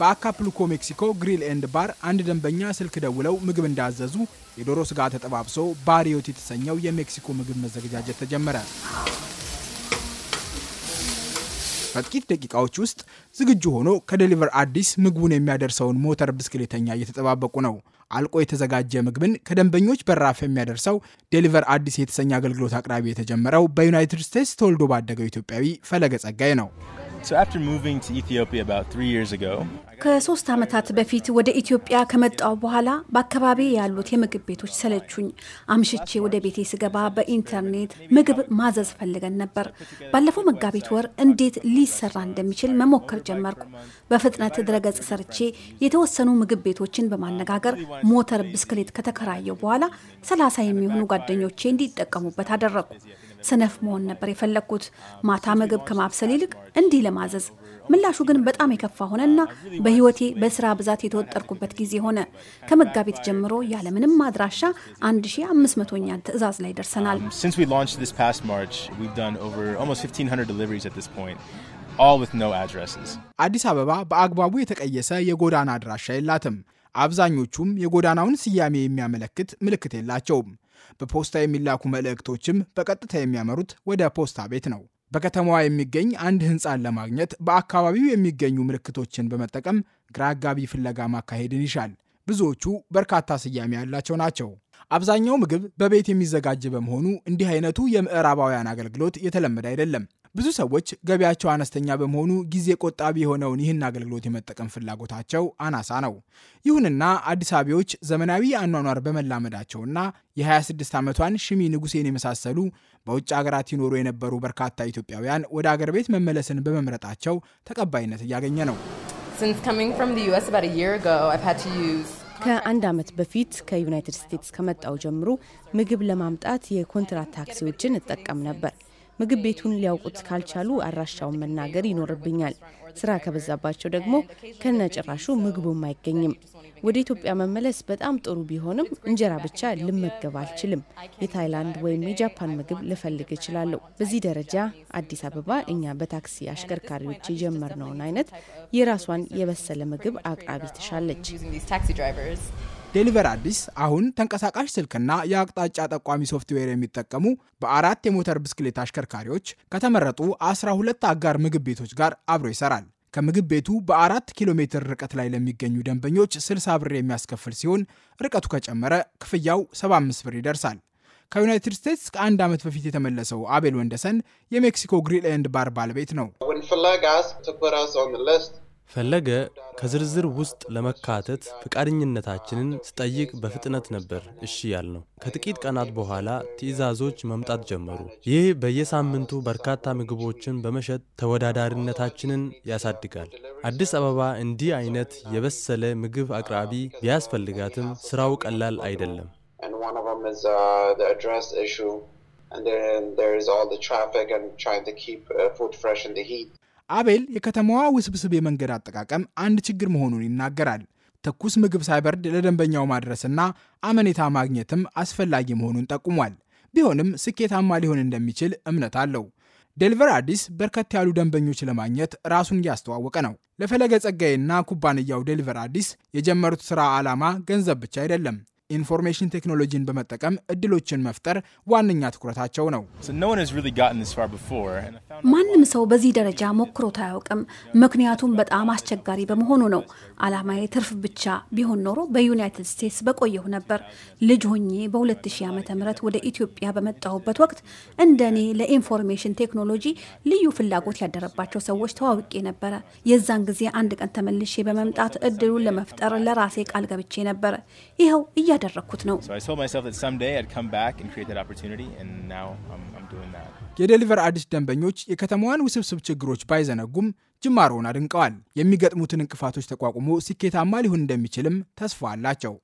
በአካፕልኮ ሜክሲኮ ግሪል ኤንድ ባር አንድ ደንበኛ ስልክ ደውለው ምግብ እንዳዘዙ የዶሮ ስጋ ተጠባብሶ ባሪዮት የተሰኘው የሜክሲኮ ምግብ መዘገጃጀት ተጀመረ። በጥቂት ደቂቃዎች ውስጥ ዝግጁ ሆኖ ከዴሊቨር አዲስ ምግቡን የሚያደርሰውን ሞተር ብስክሌተኛ እየተጠባበቁ ነው። አልቆ የተዘጋጀ ምግብን ከደንበኞች በራፍ የሚያደርሰው ዴሊቨር አዲስ የተሰኘ አገልግሎት አቅራቢ የተጀመረው በዩናይትድ ስቴትስ ተወልዶ ባደገው ኢትዮጵያዊ ፈለገ ጸጋይ ነው። ከሶስት ዓመታት በፊት ወደ ኢትዮጵያ ከመጣው በኋላ በአካባቢ ያሉት የምግብ ቤቶች ሰለቹኝ። አምሽቼ ወደ ቤቴ ስገባ በኢንተርኔት ምግብ ማዘዝ ፈልገን ነበር። ባለፈው መጋቢት ወር እንዴት ሊሰራ እንደሚችል መሞከር ጀመርኩ። በፍጥነት ድረገጽ ሰርቼ የተወሰኑ ምግብ ቤቶችን በማነጋገር ሞተር ብስክሌት ከተከራየው በኋላ ሰላሳ የሚሆኑ ጓደኞቼ እንዲጠቀሙበት አደረግኩ። ሰነፍ መሆን ነበር የፈለግኩት። ማታ ምግብ ከማብሰል ይልቅ እንዲህ ለማዘዝ። ምላሹ ግን በጣም የከፋ ሆነና በህይወቴ በስራ ብዛት የተወጠርኩበት ጊዜ ሆነ። ከመጋቢት ጀምሮ ያለምንም አድራሻ 1500ኛ ትዕዛዝ ላይ ደርሰናል። አዲስ አበባ በአግባቡ የተቀየሰ የጎዳና አድራሻ የላትም። አብዛኞቹም የጎዳናውን ስያሜ የሚያመለክት ምልክት የላቸውም። በፖስታ የሚላኩ መልእክቶችም በቀጥታ የሚያመሩት ወደ ፖስታ ቤት ነው። በከተማዋ የሚገኝ አንድ ህንፃን ለማግኘት በአካባቢው የሚገኙ ምልክቶችን በመጠቀም ግራ አጋቢ ፍለጋ ማካሄድን ይሻል። ብዙዎቹ በርካታ ስያሜ ያላቸው ናቸው። አብዛኛው ምግብ በቤት የሚዘጋጅ በመሆኑ እንዲህ አይነቱ የምዕራባውያን አገልግሎት የተለመደ አይደለም። ብዙ ሰዎች ገቢያቸው አነስተኛ በመሆኑ ጊዜ ቆጣቢ የሆነውን ይህን አገልግሎት የመጠቀም ፍላጎታቸው አናሳ ነው። ይሁንና አዲስ አበባዎች ዘመናዊ አኗኗር በመላመዳቸውና የ26 ዓመቷን ሽሚ ንጉሴን የመሳሰሉ በውጭ ሀገራት ይኖሩ የነበሩ በርካታ ኢትዮጵያውያን ወደ አገር ቤት መመለስን በመምረጣቸው ተቀባይነት እያገኘ ነው። ከአንድ ዓመት በፊት ከዩናይትድ ስቴትስ ከመጣው ጀምሮ ምግብ ለማምጣት የኮንትራት ታክሲዎችን እጠቀም ነበር። ምግብ ቤቱን ሊያውቁት ካልቻሉ አድራሻውን መናገር ይኖርብኛል። ስራ ከበዛባቸው ደግሞ ከነጭራሹ ምግቡም አይገኝም። ወደ ኢትዮጵያ መመለስ በጣም ጥሩ ቢሆንም እንጀራ ብቻ ልመገብ አልችልም። የታይላንድ ወይም የጃፓን ምግብ ልፈልግ እችላለሁ። በዚህ ደረጃ አዲስ አበባ እኛ በታክሲ አሽከርካሪዎች የጀመርነውን አይነት የራሷን የበሰለ ምግብ አቅራቢ ትሻለች። ዴሊቨር አዲስ አሁን ተንቀሳቃሽ ስልክና የአቅጣጫ ጠቋሚ ሶፍትዌር የሚጠቀሙ በአራት የሞተር ብስክሌት አሽከርካሪዎች ከተመረጡ 12 አጋር ምግብ ቤቶች ጋር አብሮ ይሰራል። ከምግብ ቤቱ በአራት ኪሎ ሜትር ርቀት ላይ ለሚገኙ ደንበኞች 60 ብር የሚያስከፍል ሲሆን ርቀቱ ከጨመረ ክፍያው 75 ብር ይደርሳል። ከዩናይትድ ስቴትስ ከአንድ ዓመት በፊት የተመለሰው አቤል ወንደሰን የሜክሲኮ ግሪል ኤንድ ባር ባለቤት ነው። ፈለገ ከዝርዝር ውስጥ ለመካተት ፈቃደኝነታችንን ስጠይቅ በፍጥነት ነበር እሺ ያልነው። ከጥቂት ቀናት በኋላ ትዕዛዞች መምጣት ጀመሩ። ይህ በየሳምንቱ በርካታ ምግቦችን በመሸጥ ተወዳዳሪነታችንን ያሳድጋል። አዲስ አበባ እንዲህ አይነት የበሰለ ምግብ አቅራቢ ቢያስፈልጋትም ስራው ቀላል አይደለም። አቤል የከተማዋ ውስብስብ የመንገድ አጠቃቀም አንድ ችግር መሆኑን ይናገራል። ትኩስ ምግብ ሳይበርድ ለደንበኛው ማድረስና አመኔታ ማግኘትም አስፈላጊ መሆኑን ጠቁሟል። ቢሆንም ስኬታማ ሊሆን እንደሚችል እምነት አለው። ዴልቨር አዲስ በርከት ያሉ ደንበኞች ለማግኘት ራሱን እያስተዋወቀ ነው። ለፈለገ ጸጋዬና ኩባንያው ዴልቨር አዲስ የጀመሩት ሥራ ዓላማ ገንዘብ ብቻ አይደለም። ኢንፎርሜሽን ቴክኖሎጂን በመጠቀም እድሎችን መፍጠር ዋነኛ ትኩረታቸው ነው። ማንም ሰው በዚህ ደረጃ ሞክሮት አያውቅም፣ ምክንያቱም በጣም አስቸጋሪ በመሆኑ ነው። አላማዬ ትርፍ ብቻ ቢሆን ኖሮ በዩናይትድ ስቴትስ በቆየሁ ነበር። ልጅ ሆኜ በ2000 ዓ ም ወደ ኢትዮጵያ በመጣሁበት ወቅት እንደ እኔ ለኢንፎርሜሽን ቴክኖሎጂ ልዩ ፍላጎት ያደረባቸው ሰዎች ተዋውቄ ነበረ። የዛን ጊዜ አንድ ቀን ተመልሼ በመምጣት እድሉን ለመፍጠር ለራሴ ቃል ገብቼ ነበረ። ይኸው እያ እያደረግኩት ነው። የዴሊቨር አዲስ ደንበኞች የከተማዋን ውስብስብ ችግሮች ባይዘነጉም ጅማሮውን አድንቀዋል። የሚገጥሙትን እንቅፋቶች ተቋቁሞ ስኬታማ ሊሆን እንደሚችልም ተስፋ አላቸው።